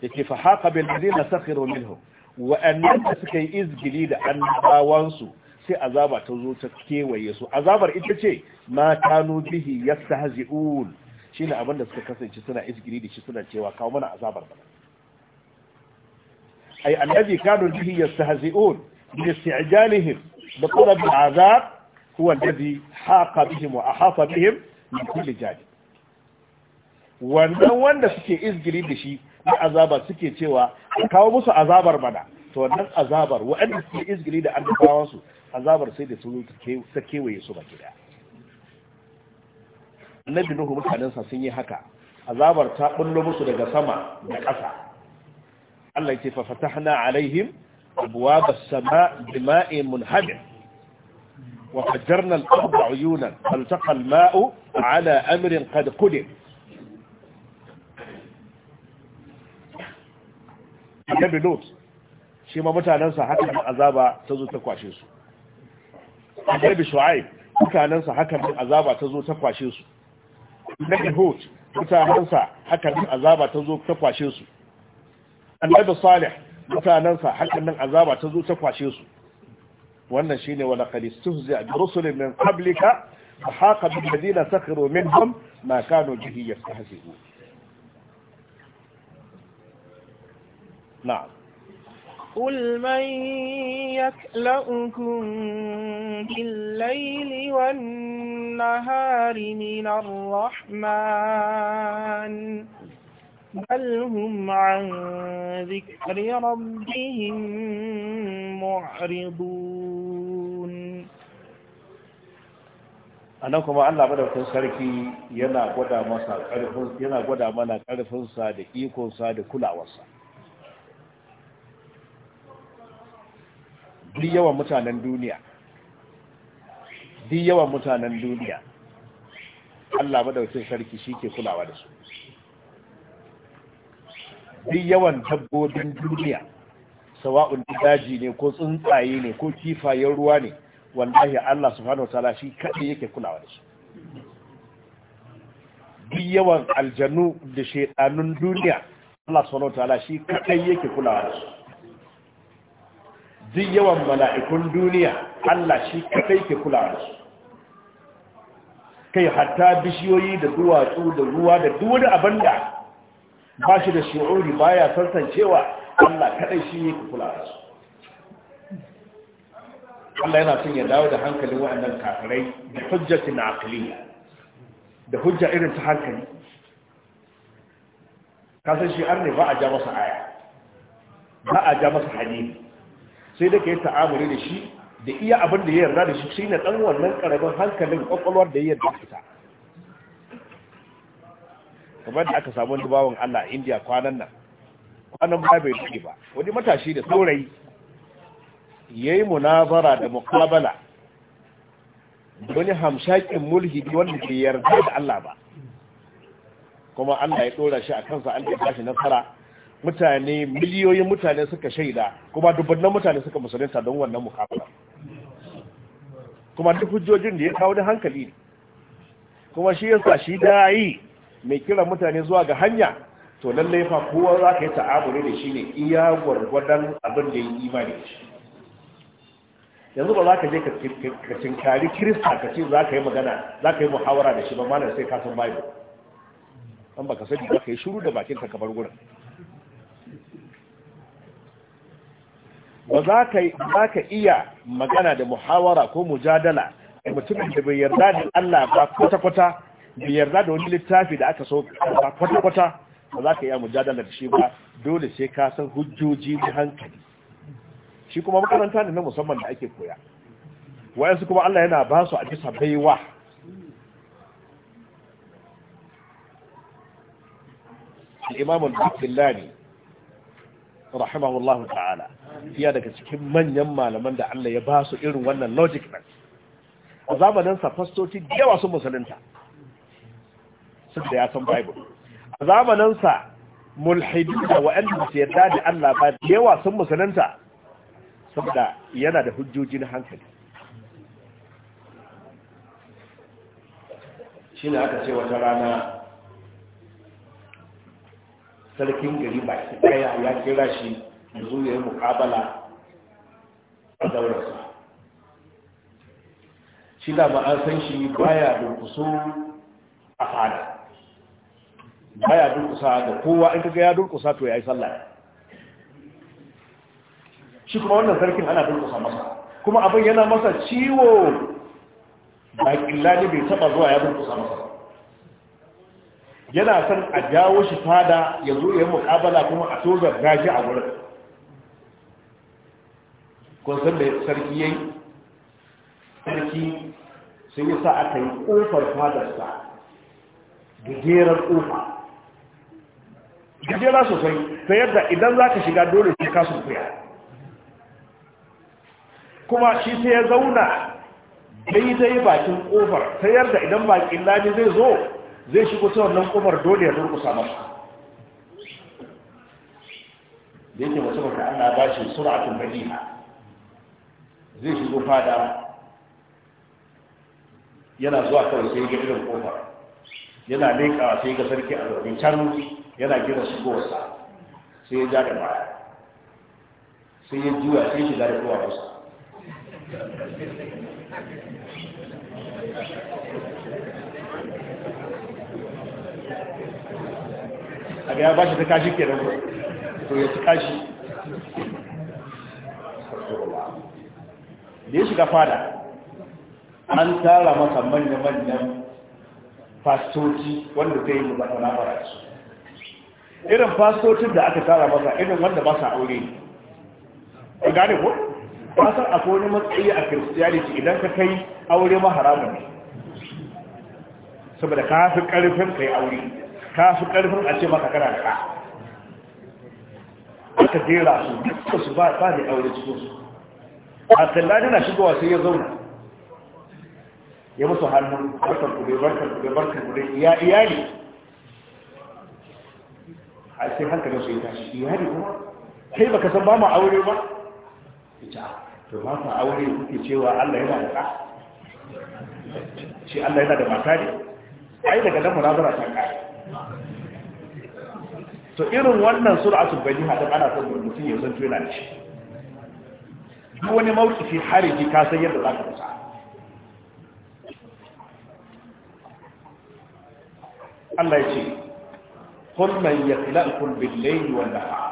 ke fa haka bil ladina sakhiru minhu Wa'annan da suka yi izgili da bawansu sai azaba ta zo ta kewaye su azabar ita ce ma kanu bihi ya yastahzi'un Shi ne abinda suka kasance suna izgili da shi suna cewa kawo mana azabar ba. Ai annabi kanu bihi ya ajalihim da isti'jalihim bi azab huwa alladhi haqa bihim wa ahata bihim min kulli jani wannan wanda suke izgiri da shi na azaba suke cewa kawo musu azabar mana to wannan azabar waɗanda suke izgiri da annabawan su azabar sai da su ta kewaye su baki da. annabi nuhu mutanensa sun yi haka azabar ta bullo musu daga sama da ƙasa Allah ya ce fa fatahna alaihim abwaab as-samaa bima'in munhamir وفجرنا الأرض عيونا فالتقى الماء على أمر قد قدر annabi lot shi ma mutanensa hakan azaba ta zo ta kwashe su annabi shu'aib mutanensa hakan azaba ta zo ta kwashe su annabi hud mutanensa hakan azaba ta zo ta kwashe su annabi salih mutanensa hakan azaba ta zo ta kwashe su ولا ولقد استهزع برسل من قبلك فحاق بالذين سخروا منهم ما كانوا به يستهزئون نعم قل من يكلأكم بالليل والنهار من الرحمن بل هم عن ذكر ربهم معرضون anan kuma Allah madaukakin sarki yana gwada masa ƙarfin yana gwada sa da ikon sa da دي yawan mutanen duniya Allah madaukakin sarki ke kulawa da su duk yawan dabbobin duniya sawa'un daji ne ko tsuntsaye ne ko kifayen ruwa ne wallahi Allah subhanahu wataala shi kadai yake kulawa da shi duk yawan aljanu da shaidanun duniya Allah subhanahu wataala shi kadai yake kulawa da shi duk yawan mala'ikun duniya Allah shi kadai ke kulawa da shi kai hatta bishiyoyi da duwatsu da ruwa da duk wani abin da ba shi da shi'uri baya cewa Allah kadai shi yake kula da su Allah yana son ya dawo da hankalin waɗannan kafirai da na akili, da hujja irin ta hankali Kasar shi arne ba a ja masa aya ba a ja masa hanyi, sai da ka yi ta'amuri da shi da iya abin da ya yarda da shi na ɗan wannan ƙaramin hankalin ƙwaƙwalwar da ya yarda fita. kamar da aka samu wani bawan Allah a India kwanan nan kwanan ba bai duke ba wani matashi da saurayi yayi munazara da muqabala wani hamshakin mulki wanda ke yarda da Allah ba kuma Allah ya dora shi a kansa Allah ya bashi nasara mutane miliyoyin mutane suka shaida kuma dubbannin mutane suka musulunta don wannan mukabala kuma duk hujjojin da ya kawo da hankali ne kuma shi yasa shi da yi mai kira mutane zuwa ga hanya to lallai fa kowa za ka yi ta'amuri da shi ne iya gwargwadon abin da ya imani shi yanzu ba za ka je ka cinkari kirista ka ce za ka yi magana za ka yi muhawara da shi ba mana sai kasan bible an ba ka sani ba ka yi shuru da bakinka ka bar gurin ba za ka iya magana da muhawara ko mujadala mutumin da bai yarda da Allah ba kwata-kwata bai yarda da wani littafi da aka so kwata-kwata ba za ka yi mujadala da shi ba dole sai ka san hujjoji da hankali shi kuma makaranta ne na musamman da ake koya wayansu kuma Allah yana ba su a bisa baiwa al imamun al rahimahullahu ta'ala fiya daga cikin manyan malaman da Allah ya ba su irin wannan logic din a zamanin sa fastoci da yawa sun musulunta saboda ya san bible a zamaninsa mulhidi da wa'anda su yarda da Allah ba da yawa sun musulunta saboda yana da hujjoji na hankali shi aka ce wata rana sarkin gari ba shi daya ya kira shi da zuwa yi mukabala a daurarsa shi da ba an san shi baya da kusur a fada baya durkusa da kowa in kaga ya durkusa to yayi sallah shi kuma wannan sarkin ana durkusa masa kuma abin yana masa ciwo ba killani bai taba zuwa ya durkusa masa yana san a jawo shi fada yanzu zo ya muƙabala kuma a tozar gashi a wurin kun san da sarki yayi sarki sai sa aka yi ƙofar fadarsa da gerar ƙofa gajera sosai ta yadda idan za ka shiga dole sai ka kuya kuma shi sai ya zauna daidai bakin kofar ta yadda idan bakin lami zai zo zai shigo ta wannan kofar dole ya durkusa su da yake wasu baka ana ba shi suratun badiha zai shigo fada yana zuwa kawai sai ga irin kofar yana leƙawa sai ga sarki a zaune can yana gina shigowarsa sai ya ja da baya sai ya juya sai shiga da kowa wasu. a ga ya ba shi ta kashi ke nan to ya ci kashi da ya shiga fada an tara masa manya-manyan fastoci wanda zai yi na bara su irin fastocin da aka tsara masa irin wanda ba sa aure ne gane ko ba san akwai wani matsayi a christianity idan ka kai aure ma haramun ne saboda ka fi karfin kai aure ka fi karfin a ce maka kana da aka jera su duk su ba ne aure cikinsu a kallani na shigowa sai ya zauna ya musu hannu barkan ku barkar barkan ku dai barkan ku dai ya iyali a sai hankalin su ya tashi iyali ko, kai baka san ba mu aure ba ita to ba mu aure kuke cewa Allah yana da shi Allah yana da mata ne ai daga nan munazara ta kai to irin wannan sur'atu baliha da ana son mutum ya san to yana shi duk wani fi hariji ka san yadda zaka fita? Allah ya ce qul man yakhlaqu bil-layli ha, nahar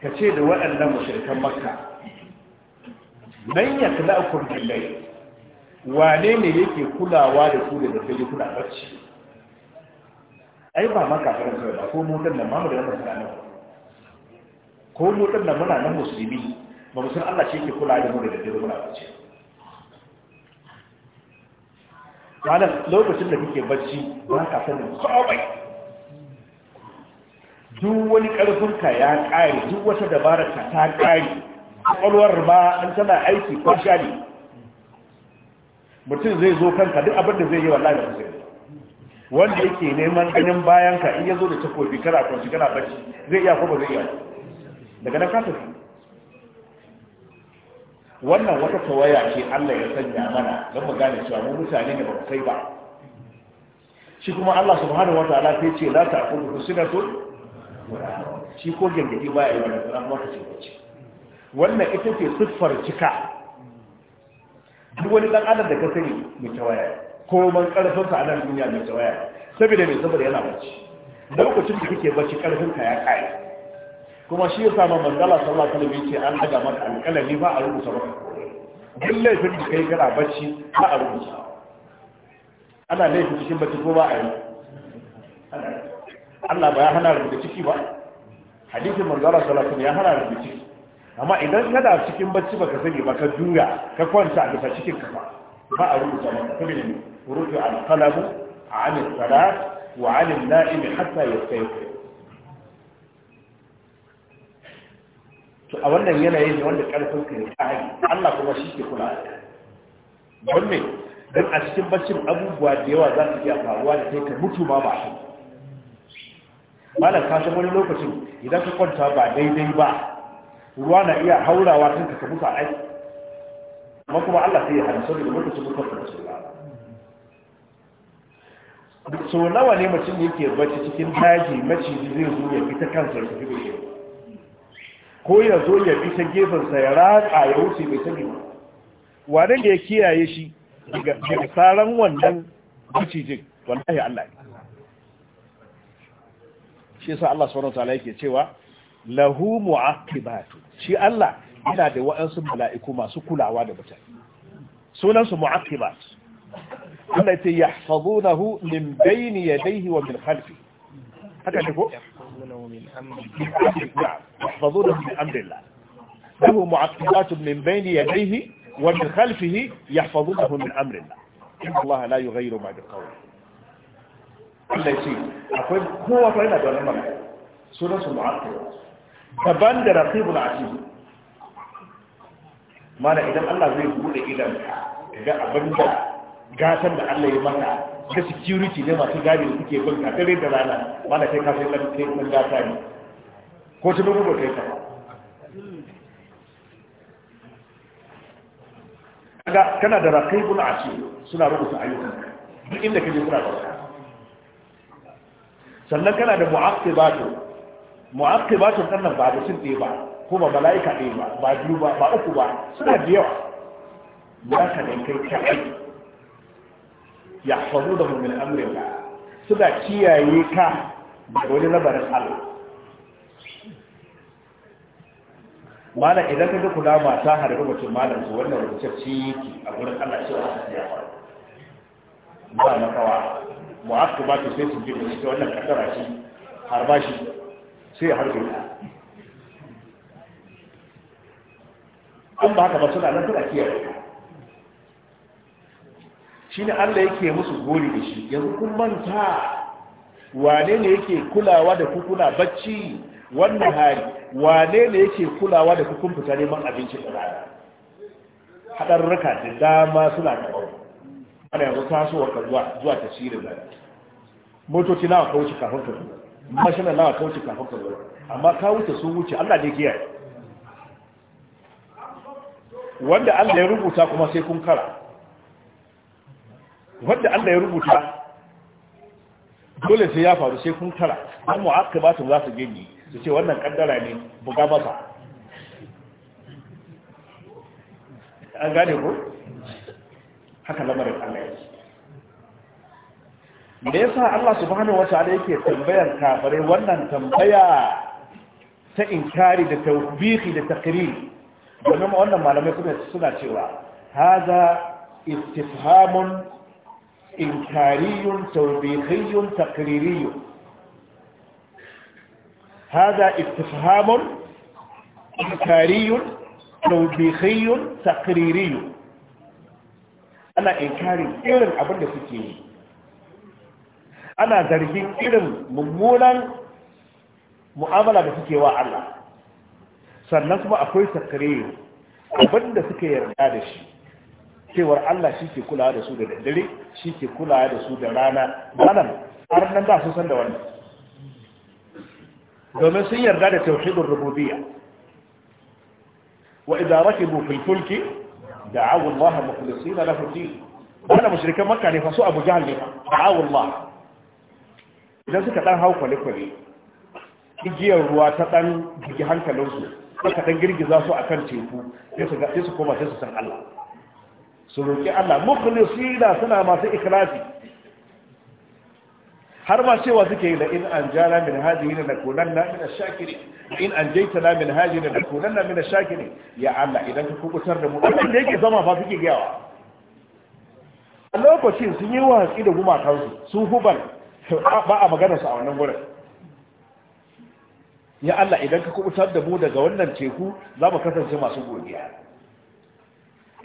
kace da waɗannan mushrikan makka man yakhlaqu bil-layli wane ne yake kulawa da su da dare kula barci ai ba maka farin kai ba ko mu dan nan mamu da wannan sanan ko mu dan nan muna nan musulmi ba mu san Allah ce yake kula da mu da dare kula barci ranar lokacin da kake bacci ba ka sanin komai duk wani ƙarfinka ya ƙare duk wata dabarar ka ta ƙare Ƙwalwar ba an tana aiki kwasha ne mutum zai zo kanka duk abin da zai yi wallahi da zai wanda yake neman ganin bayanka in ya zo da takobi kana kwanci kana bacci zai iya ko ba zai iya daga nan ka tafi wannan wata tawaya ce Allah ya sanya mana don mu gane cewa mu mutane ne ba mu sai ba shi kuma Allah subhanahu wataala sai ce la ta'khudhu sinatun shi ko gangadi ba ya yi wani tsanan lokaci ce wannan ita ce siffar cika duk wani dan adam da ka sani mai tawaya ko man karfin sa nan duniya mai tawaya saboda mai saboda yana bacci lokacin da kake bacci karfin ka ya kai kuma shi yasa ma Mangala sallallahu alaihi wasallam yace an daga maka alƙalami ba a rubuta ba duk laifin da kai gara bacci ba a rubuta ana laifin cikin bacci ko ba a yi Allah ba ya hana rubuta ciki ba hadisin Mangala sallallahu alaihi wasallam ya hana rubuta ciki amma idan da cikin bacci baka sani ba ka juya ka kwanta a bisa cikin kafa ba a rubuta maka kuma ne rubuta as-salat wa الصلاة وعن naim hatta yastayqi to a wannan yanayi ne wanda karfin ka ne kai Allah kuma shi ke kula da don me don a cikin baccin abubuwa da yawa za su iya faruwa da kai ka mutu ma ba shi malam ka san wani lokacin idan ka kwanta ba daidai ba ruwa na iya haurawa tun ka mutu a aiki amma kuma Allah sai ya hana saboda lokacin ka da su so nawa ne mutum yake bacci cikin daji maciji zai zo ya fita kansa su fi ko ya zo ya bi ta gefensa ya raƙa ya wuce mai sani ba wane da ya kiyaye shi daga tsaron wannan macijin wallahi Allah ne shi yasa Allah subhanahu ta'ala yake cewa lahu mu'aqibatu shi Allah yana da wa'ansu mala'iku masu kulawa da mutane sunan su mu'aqibat Allah ya yahfazunahu min bayni yadayhi wa min khalfihi haka ne ko yahfazunahu min amrillah lahu mu'aqibatun min bayni yadayhi wa min khalfihi yahfazunahu min amrillah inna Allah la yughayyiru ma biqawm Allah ce akwai kowa fa yana da wannan magana sunan su mu'aqibat daban da raqibul atid mana idan Allah zai bude idan ga abinda gatan da Allah ya maka da security ne masu gadi da suke bin kakare da rana ba na kai kafin nan kai nan gata ne ko ta dogo kai ka kaga kana da rakai a ce suna rubuta ayyukan duk inda kaje suna rubuta sannan kana da ba mu'aqibatu sannan ba da sun dai ba kuma mala'ika dai ba ba biyu ba ba uku ba suna da yawa ba ka da kai kai da yahfazudahu min su suna kiyaye ka da wani labarin Allah mana idan ka ga kula ta harbi mutum malam su wannan rubutacce yake a gurin Allah cewa su ya faru ba na kawa mu'akku ba ta sai su ji da ita wannan kaddara shi harba shi sai ya harbe an ba haka ba suna nan suna kiyaye shi ne allah yake musu gori da shi yanzu kun manta wane ne yake kulawa da kukuna bacci wannan hari wane ne yake kulawa da kukun fita neman abinci da rana raka da dama suna da ɓau ana yanzu tasowar ka zuwa ta shirin da motoci nawa ka wuce kafin ka zuwa mashina nawa ka wuce kafin ka zuwa amma ka wuce sun wuce allah ne giya wanda allah ya rubuta kuma sai kun kara wadda Allah ya rubuta dole sai ya faru sai kun tara an mu'aka ba su za su gani su ce wannan kaddara ne buga masa an gane ko haka lamarin Allah ya ce me yasa Allah subhanahu wataala yake tambayar kafirai wannan tambaya ta inkari da tawbihi da takriri domin wannan malamai kuma suna cewa haza istifhamun إنكاري توبيخي تقريري هذا استفهام إنكاري توبيخي تقريري أنا إنكاري إلن أبن سكيني ana zargin irin mummunan mu'amala da suke wa Allah sannan kuma akwai sakare abinda suka yarda da shi cewar Allah shi ke kulawa da su da daddare shi ke kulawa da su da rana malam har nan ba su san da wannan domin sun yarda da tauhidin rububiyya wa idza rakibu fil fulki da'awu Allah mukhlisina lahu din wannan mushrikan makka ne fa su abu jahl ne da'awu Allah idan suka dan hau kwale kwale igiyar ruwa ta dan bigi hankalinsu suka dan girgiza su akan teku sai su koma sai su san Allah su roƙi Allah mukhlisina suna masu ikhlasi har ma cewa suke yi da in an jana min hajji ne da kunan na mina shakiri in an jaita na min hajji ne da kunan na mina shakiri ya Allah idan ka kubutar da mu wannan da yake zama fa suke gayawa a lokacin sun yi watsi da gumakansu sun huban ba a magana su a wannan gurin ya Allah idan ka kubutar da mu daga wannan teku za mu kasance masu godiya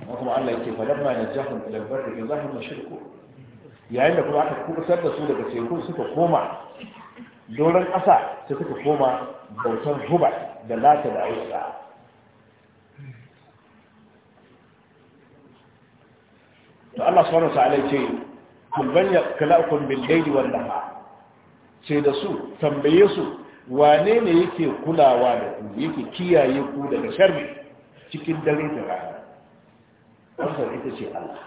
amma kuma Allah yake falamma jahun ila barri izahum shirku yayin da kuma aka kubutar da su daga teku suka koma doron ƙasa sai suka koma bautan huba da lata da Aisha. to Allah subhanahu wa ta'ala ce kun banya kalakun bil layli wal nahar ce da su tambaye su wane ne yake kulawa da ku yake kiyaye ku daga sharri cikin dare da rana amsar ita ce Allah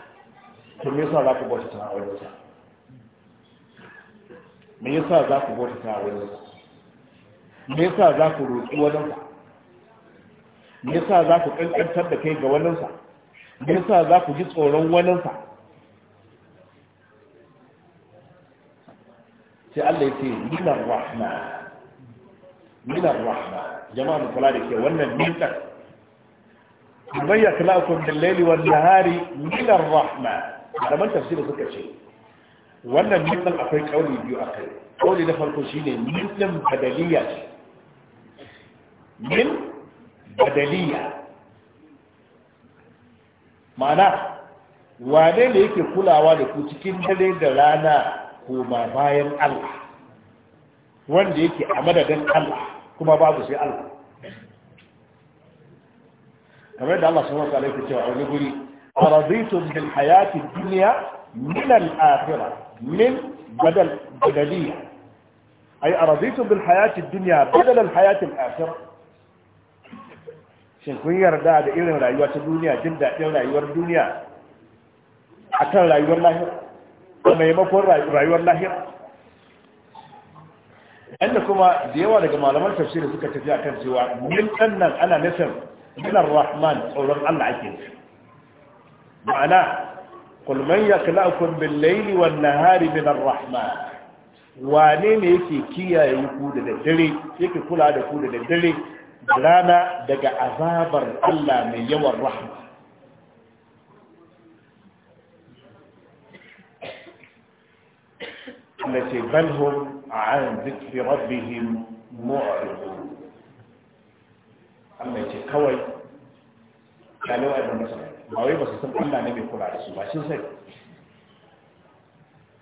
ta me za ku bauta ta wajen sa me yasa za ku bauta ta wajen sa me yasa za ku roƙi wajen sa me yasa za ku ƙanƙantar da kai ga wajen sa me yasa za ku ji tsoron wajen sa sai Allah ya ce minar rahma minar rahma jama'a mu kula da ke wannan mintar bayya kalakum bil laili wan nahari min ar-rahma malaman tafsir suka ce wannan min akwai kauli biyu akai kauli da farko shine min din badaliya ce min badaliya ma'ana wane ne yake kulawa da ku cikin dare da rana koma bayan Allah wanda yake a madadin Allah kuma babu sai Allah kamar da Allah subhanahu wa ta'ala yake cewa wani guri araditum bil hayati dunya min al akhirah min badal badaliya ay araditum bil hayati dunya badal al hayati al akhirah shin kun yarda da irin rayuwa ta duniya jin daɗin rayuwar duniya akan rayuwar lahira a maimakon rayuwar lahira yadda kuma da yawa daga malaman tafsiri suka tafi a kan cewa min ɗannan ana nufin من الرحمن قول الله عجل معنى قل من يقلأكم بالليل والنهار من الرحمن وانين يكي كيا يكود للدلي يكي كلا يكود للدلي بلانا دقى عذاب الله من يوى الرحمة التي بل عن ذكر ربهم معرضون Allah ce kawai kalewa ibn masar ba wai ba su san Allah ne mai kula da su ba sun sai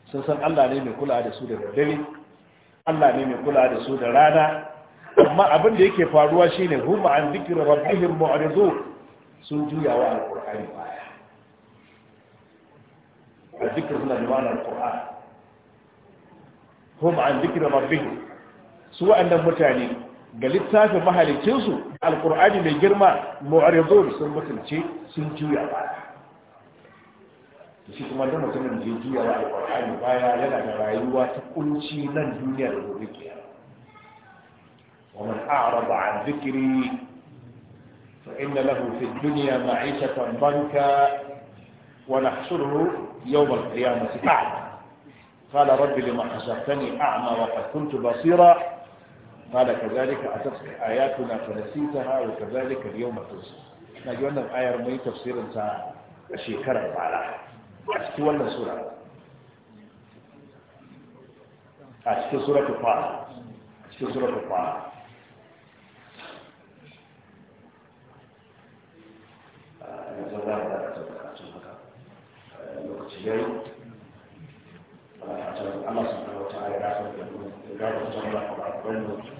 sun san Allah ne mai kula da su da dare Allah ne mai kula da su da rana amma abin da yake faruwa shine huma an dhikri rabbihim mu'ridu sun juya wa alqur'ani baya A dhikr suna da ma'anar qur'an hum an dhikri rabbihim su wa'annan mutane ga littafin mahalicinsu alkur'ani mai girma mu'arizun sun mutunci sun juya ba shi kuma da mutumin da ya juya wa alkur'ani baya yana da rayuwa ta kunci nan duniya da gobe ke wa man a'rada an zikri fa inna lahu fi dunya ma'ishatan banka wa nahshuruhu yawm al-qiyamati a'ma qala rabbi lima hasabtani a'ma wa qad kuntu basira قال كذلك أتتك آياتنا فنسيتها وكذلك اليوم تنسى نجي wannan ayar mai tafsirin ta a shekarar bara a cikin wannan sura a cikin suratul fa a cikin suratul fa yanzu za mu da bukatun haka lokaci yayi Allah subhanahu wa ta'ala ya rafa da mu ga wannan ba ba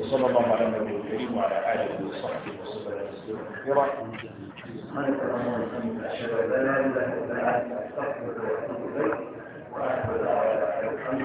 وصلى الله على النبي الكريم وعلى اله وصحبه وسلم تسليما كثيرا سبحانك اللهم وبحمدك اشهد ان لا اله الا انت استغفرك واتوب اليك واحمد على الحمد